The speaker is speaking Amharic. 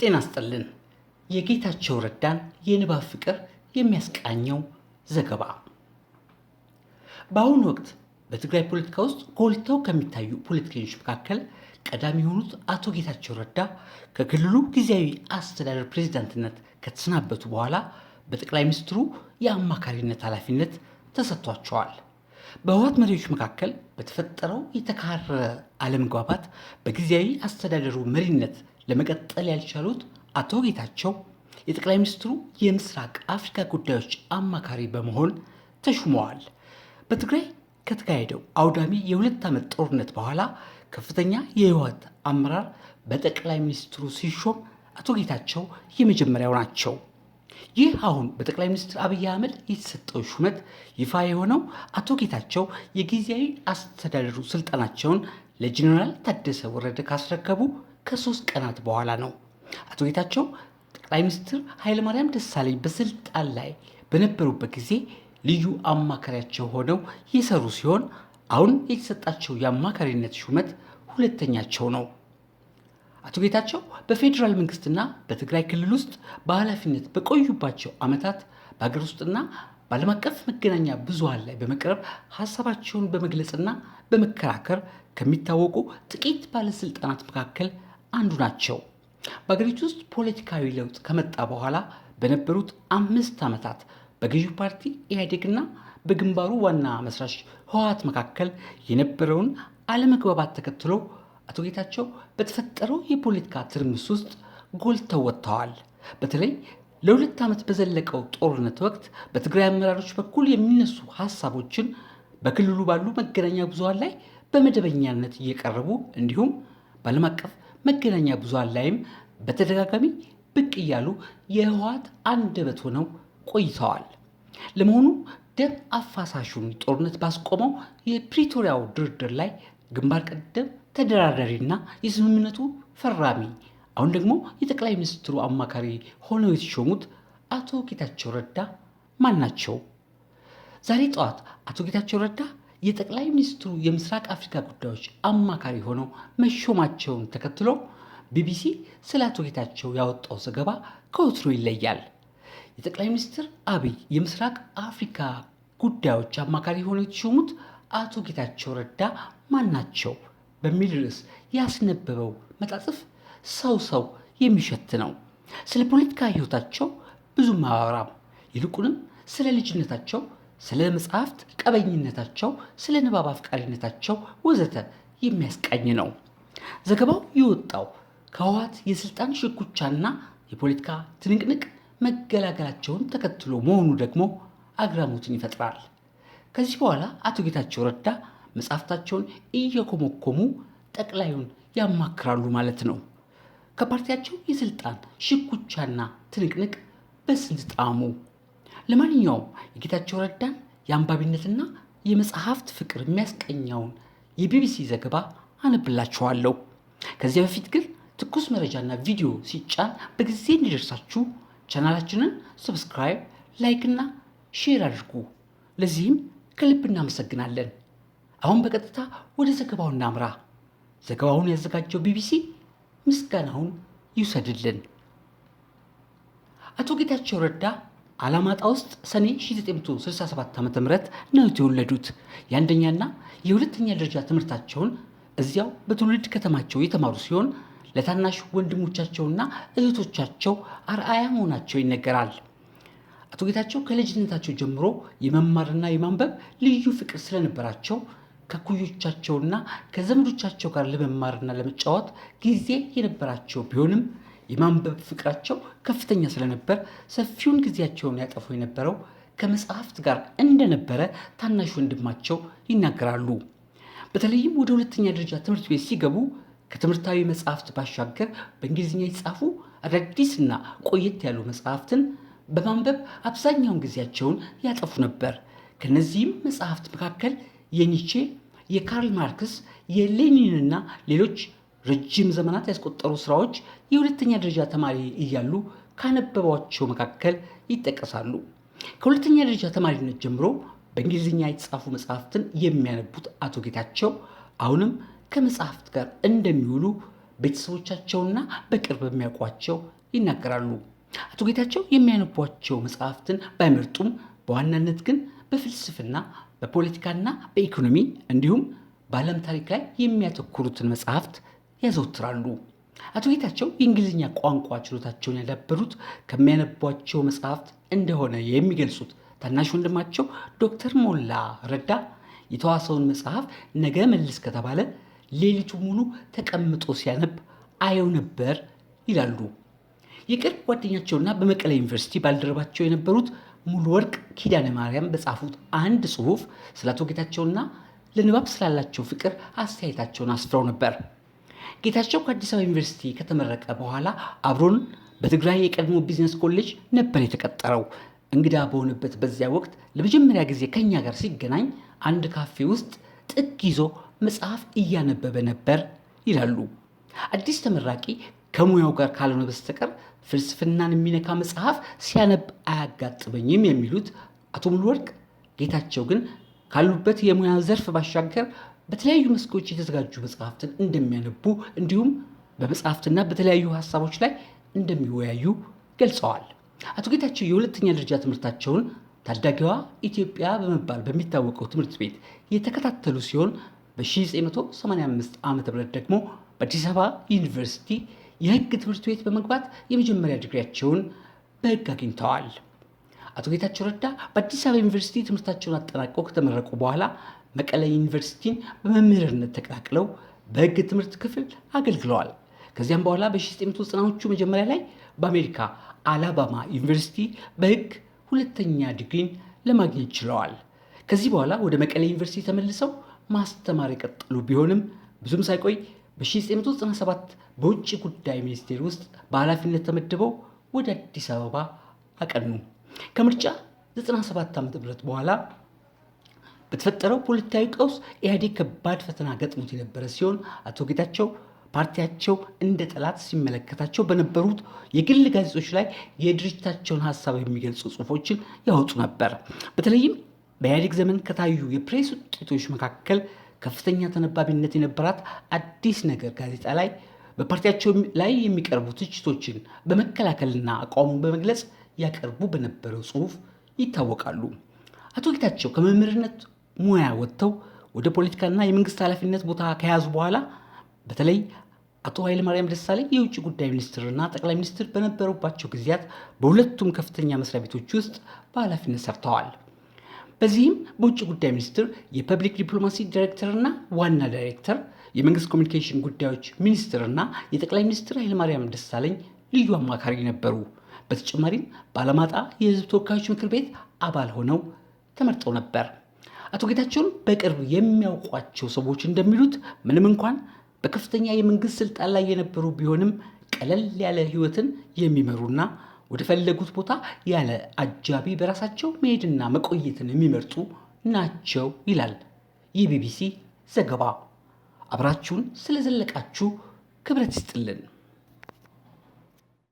ጤና ስጥልን የጌታቸው ረዳን የንባብ ፍቅር የሚያስቃኘው ዘገባ። በአሁኑ ወቅት በትግራይ ፖለቲካ ውስጥ ጎልተው ከሚታዩ ፖለቲከኞች መካከል ቀዳሚ የሆኑት አቶ ጌታቸው ረዳ ከክልሉ ጊዜያዊ አስተዳደር ፕሬዚዳንትነት ከተሰናበቱ በኋላ በጠቅላይ ሚኒስትሩ የአማካሪነት ኃላፊነት ተሰጥቷቸዋል። በህወሓት መሪዎች መካከል በተፈጠረው የተካረረ አለመግባባት በጊዜያዊ አስተዳደሩ መሪነት ለመቀጠል ያልቻሉት አቶ ጌታቸው የጠቅላይ ሚኒስትሩ የምስራቅ አፍሪካ ጉዳዮች አማካሪ በመሆን ተሹመዋል። በትግራይ ከተካሄደው አውዳሚ የሁለት ዓመት ጦርነት በኋላ ከፍተኛ የህወሓት አመራር በጠቅላይ ሚኒስትሩ ሲሾም አቶ ጌታቸው የመጀመሪያው ናቸው። ይህ አሁን በጠቅላይ ሚኒስትር አብይ አህመድ የተሰጠው ሹመት ይፋ የሆነው አቶ ጌታቸው የጊዜያዊ አስተዳደሩ ስልጣናቸውን ለጄኔራል ታደሰ ወረደ ካስረከቡ ከሶስት ቀናት በኋላ ነው። አቶ ጌታቸው ጠቅላይ ሚኒስትር ኃይለማርያም ደሳለኝ በስልጣን ላይ በነበሩበት ጊዜ ልዩ አማካሪያቸው ሆነው የሰሩ ሲሆን አሁን የተሰጣቸው የአማካሪነት ሹመት ሁለተኛቸው ነው። አቶ ጌታቸው በፌዴራል መንግስትና በትግራይ ክልል ውስጥ በኃላፊነት በቆዩባቸው ዓመታት በሀገር ውስጥና በዓለም አቀፍ መገናኛ ብዙሃን ላይ በመቅረብ ሀሳባቸውን በመግለጽና በመከራከር ከሚታወቁ ጥቂት ባለስልጣናት መካከል አንዱ ናቸው። በአገሪቱ ውስጥ ፖለቲካዊ ለውጥ ከመጣ በኋላ በነበሩት አምስት ዓመታት በገዢው ፓርቲ ኢህአዴግና በግንባሩ ዋና መስራች ህወሓት መካከል የነበረውን አለመግባባት ተከትሎ አቶ ጌታቸው በተፈጠረው የፖለቲካ ትርምስ ውስጥ ጎልተው ወጥተዋል። በተለይ ለሁለት ዓመት በዘለቀው ጦርነት ወቅት በትግራይ አመራሮች በኩል የሚነሱ ሀሳቦችን በክልሉ ባሉ መገናኛ ብዙሃን ላይ በመደበኛነት እየቀረቡ እንዲሁም በዓለም አቀፍ መገናኛ ብዙሃን ላይም በተደጋጋሚ ብቅ እያሉ የህወሓት አንደበት ሆነው ቆይተዋል። ለመሆኑ ደም አፋሳሹን ጦርነት ባስቆመው የፕሪቶሪያው ድርድር ላይ ግንባር ቀደም ተደራዳሪና የስምምነቱ ፈራሚ አሁን ደግሞ የጠቅላይ ሚኒስትሩ አማካሪ ሆነው የተሾሙት አቶ ጌታቸው ረዳ ማን ናቸው? ዛሬ ጠዋት አቶ ጌታቸው ረዳ የጠቅላይ ሚኒስትሩ የምስራቅ አፍሪካ ጉዳዮች አማካሪ ሆነው መሾማቸውን ተከትሎ ቢቢሲ ስለ አቶ ጌታቸው ያወጣው ዘገባ ከወትሮ ይለያል። የጠቅላይ ሚኒስትር አብይ የምስራቅ አፍሪካ ጉዳዮች አማካሪ ሆነው የተሾሙት አቶ ጌታቸው ረዳ ማን ናቸው በሚል ርዕስ ያስነበበው መጣጥፍ ሰው ሰው የሚሸት ነው። ስለ ፖለቲካ ህይወታቸው ብዙም አያወራም። ይልቁንም ስለ ልጅነታቸው፣ ስለ መጽሐፍት ቀበኝነታቸው፣ ስለ ንባብ አፍቃሪነታቸው ወዘተ የሚያስቃኝ ነው። ዘገባው የወጣው ከህወሓት የስልጣን ሽኩቻና የፖለቲካ ትንቅንቅ መገላገላቸውን ተከትሎ መሆኑ ደግሞ አግራሞትን ይፈጥራል። ከዚህ በኋላ አቶ ጌታቸው ረዳ መጽሐፍታቸውን እየኮመኮሙ ጠቅላዩን ያማክራሉ ማለት ነው። ከፓርቲያቸው የስልጣን ሽኩቻና ትንቅንቅ በስንት ጣዕሙ። ለማንኛውም የጌታቸው ረዳን የአንባቢነትና የመጽሐፍት ፍቅር የሚያስቀኘውን የቢቢሲ ዘገባ አነብላችኋለሁ። ከዚያ በፊት ግን ትኩስ መረጃና ቪዲዮ ሲጫን በጊዜ እንዲደርሳችሁ ቻናላችንን ሰብስክራይብ፣ ላይክና ሼር አድርጉ። ለዚህም ከልብ እናመሰግናለን። አሁን በቀጥታ ወደ ዘገባው እናምራ። ዘገባውን ያዘጋጀው ቢቢሲ ምስጋናውን ይውሰድልን። አቶ ጌታቸው ረዳ አላማጣ ውስጥ ሰኔ 1967 ዓ ም ነው የተወለዱት። የአንደኛና የሁለተኛ ደረጃ ትምህርታቸውን እዚያው በትውልድ ከተማቸው የተማሩ ሲሆን ለታናሽ ወንድሞቻቸውና እህቶቻቸው አርአያ መሆናቸው ይነገራል። አቶ ጌታቸው ከልጅነታቸው ጀምሮ የመማርና የማንበብ ልዩ ፍቅር ስለነበራቸው ከኩዮቻቸውና ከዘመዶቻቸው ጋር ለመማርና ለመጫወት ጊዜ የነበራቸው ቢሆንም የማንበብ ፍቅራቸው ከፍተኛ ስለነበር ሰፊውን ጊዜያቸውን ያጠፉ የነበረው ከመጽሐፍት ጋር እንደነበረ ታናሽ ወንድማቸው ይናገራሉ። በተለይም ወደ ሁለተኛ ደረጃ ትምህርት ቤት ሲገቡ ከትምህርታዊ መጽሐፍት ባሻገር በእንግሊዝኛ የተጻፉ አዳዲስና ቆየት ያሉ መጽሐፍትን በማንበብ አብዛኛውን ጊዜያቸውን ያጠፉ ነበር። ከነዚህም መጽሐፍት መካከል የኒቼ የካርል ማርክስ የሌኒንና ሌሎች ረጅም ዘመናት ያስቆጠሩ ስራዎች የሁለተኛ ደረጃ ተማሪ እያሉ ካነበቧቸው መካከል ይጠቀሳሉ። ከሁለተኛ ደረጃ ተማሪነት ጀምሮ በእንግሊዝኛ የተጻፉ መጽሐፍትን የሚያነቡት አቶ ጌታቸው አሁንም ከመጽሐፍት ጋር እንደሚውሉ ቤተሰቦቻቸውና በቅርብ የሚያውቋቸው ይናገራሉ። አቶ ጌታቸው የሚያነቧቸው መጽሐፍትን ባይመርጡም በዋናነት ግን በፍልስፍና በፖለቲካና በኢኮኖሚ እንዲሁም በዓለም ታሪክ ላይ የሚያተኩሩትን መጽሐፍት ያዘወትራሉ። አቶ ጌታቸው የእንግሊዝኛ ቋንቋ ችሎታቸውን ያዳበሩት ከሚያነቧቸው መጽሐፍት እንደሆነ የሚገልጹት ታናሽ ወንድማቸው ዶክተር ሞላ ረዳ የተዋሰውን መጽሐፍ ነገ መልስ ከተባለ ሌሊቱ ሙሉ ተቀምጦ ሲያነብ አየው ነበር ይላሉ። የቅርብ ጓደኛቸውና በመቀሌ ዩኒቨርሲቲ ባልደረባቸው የነበሩት ሙሉ ወርቅ ኪዳነ ማርያም በጻፉት አንድ ጽሑፍ ስለ አቶ ጌታቸውና ለንባብ ስላላቸው ፍቅር አስተያየታቸውን አስፍረው ነበር። ጌታቸው ከአዲስ አበባ ዩኒቨርሲቲ ከተመረቀ በኋላ አብሮን በትግራይ የቀድሞ ቢዝነስ ኮሌጅ ነበር የተቀጠረው። እንግዳ በሆነበት በዚያ ወቅት ለመጀመሪያ ጊዜ ከኛ ጋር ሲገናኝ አንድ ካፌ ውስጥ ጥግ ይዞ መጽሐፍ እያነበበ ነበር ይላሉ። አዲስ ተመራቂ ከሙያው ጋር ካልሆነ በስተቀር ፍልስፍናን የሚነካ መጽሐፍ ሲያነብ አያጋጥመኝም የሚሉት አቶ ሙሉወርቅ ጌታቸው ግን ካሉበት የሙያ ዘርፍ ባሻገር በተለያዩ መስኮች የተዘጋጁ መጽሐፍትን እንደሚያነቡ እንዲሁም በመጽሐፍትና በተለያዩ ሀሳቦች ላይ እንደሚወያዩ ገልጸዋል። አቶ ጌታቸው የሁለተኛ ደረጃ ትምህርታቸውን ታዳጊዋ ኢትዮጵያ በመባል በሚታወቀው ትምህርት ቤት የተከታተሉ ሲሆን በ1985 ዓ ም ደግሞ በአዲስ አበባ ዩኒቨርሲቲ የህግ ትምህርት ቤት በመግባት የመጀመሪያ ዲግሪያቸውን በህግ አግኝተዋል። አቶ ጌታቸው ረዳ በአዲስ አበባ ዩኒቨርሲቲ ትምህርታቸውን አጠናቀው ከተመረቁ በኋላ መቀለ ዩኒቨርሲቲን በመምህርነት ተቀላቅለው በህግ ትምህርት ክፍል አገልግለዋል። ከዚያም በኋላ በ1990ዎቹ መጀመሪያ ላይ በአሜሪካ አላባማ ዩኒቨርሲቲ በህግ ሁለተኛ ዲግሪን ለማግኘት ችለዋል። ከዚህ በኋላ ወደ መቀለ ዩኒቨርሲቲ ተመልሰው ማስተማር የቀጠሉ ቢሆንም ብዙም ሳይቆይ በ1997 በውጭ ጉዳይ ሚኒስቴር ውስጥ በኃላፊነት ተመድበው ወደ አዲስ አበባ አቀኑ። ከምርጫ 97 ዓ ም በኋላ በተፈጠረው ፖለቲካዊ ቀውስ ኢህአዴግ ከባድ ፈተና ገጥሞት የነበረ ሲሆን አቶ ጌታቸው ፓርቲያቸው እንደ ጠላት ሲመለከታቸው በነበሩት የግል ጋዜጦች ላይ የድርጅታቸውን ሀሳብ የሚገልጹ ጽሁፎችን ያወጡ ነበር። በተለይም በኢህአዴግ ዘመን ከታዩ የፕሬስ ውጤቶች መካከል ከፍተኛ ተነባቢነት የነበራት አዲስ ነገር ጋዜጣ ላይ በፓርቲያቸው ላይ የሚቀርቡ ትችቶችን በመከላከልና አቋሙን በመግለጽ ያቀርቡ በነበረው ጽሁፍ ይታወቃሉ። አቶ ጌታቸው ከመምህርነት ሙያ ወጥተው ወደ ፖለቲካና የመንግስት ኃላፊነት ቦታ ከያዙ በኋላ በተለይ አቶ ኃይለማርያም ደሳለኝ የውጭ ጉዳይ ሚኒስትርና ጠቅላይ ሚኒስትር በነበሩባቸው ጊዜያት በሁለቱም ከፍተኛ መስሪያ ቤቶች ውስጥ በኃላፊነት ሰርተዋል። በዚህም በውጭ ጉዳይ ሚኒስትር የፐብሊክ ዲፕሎማሲ ዳይሬክተርና ዋና ዳይሬክተር፣ የመንግስት ኮሚኒኬሽን ጉዳዮች ሚኒስትርና የጠቅላይ ሚኒስትር ኃይለማርያም ደሳለኝ ልዩ አማካሪ ነበሩ። በተጨማሪም ባለማጣ የህዝብ ተወካዮች ምክር ቤት አባል ሆነው ተመርጠው ነበር። አቶ ጌታቸውን በቅርብ የሚያውቋቸው ሰዎች እንደሚሉት ምንም እንኳን በከፍተኛ የመንግስት ስልጣን ላይ የነበሩ ቢሆንም ቀለል ያለ ህይወትን የሚመሩና ወደ ፈለጉት ቦታ ያለ አጃቢ በራሳቸው መሄድና መቆየትን የሚመርጡ ናቸው ይላል የቢቢሲ ዘገባ። አብራችሁን ስለዘለቃችሁ ክብረት ይስጥልን።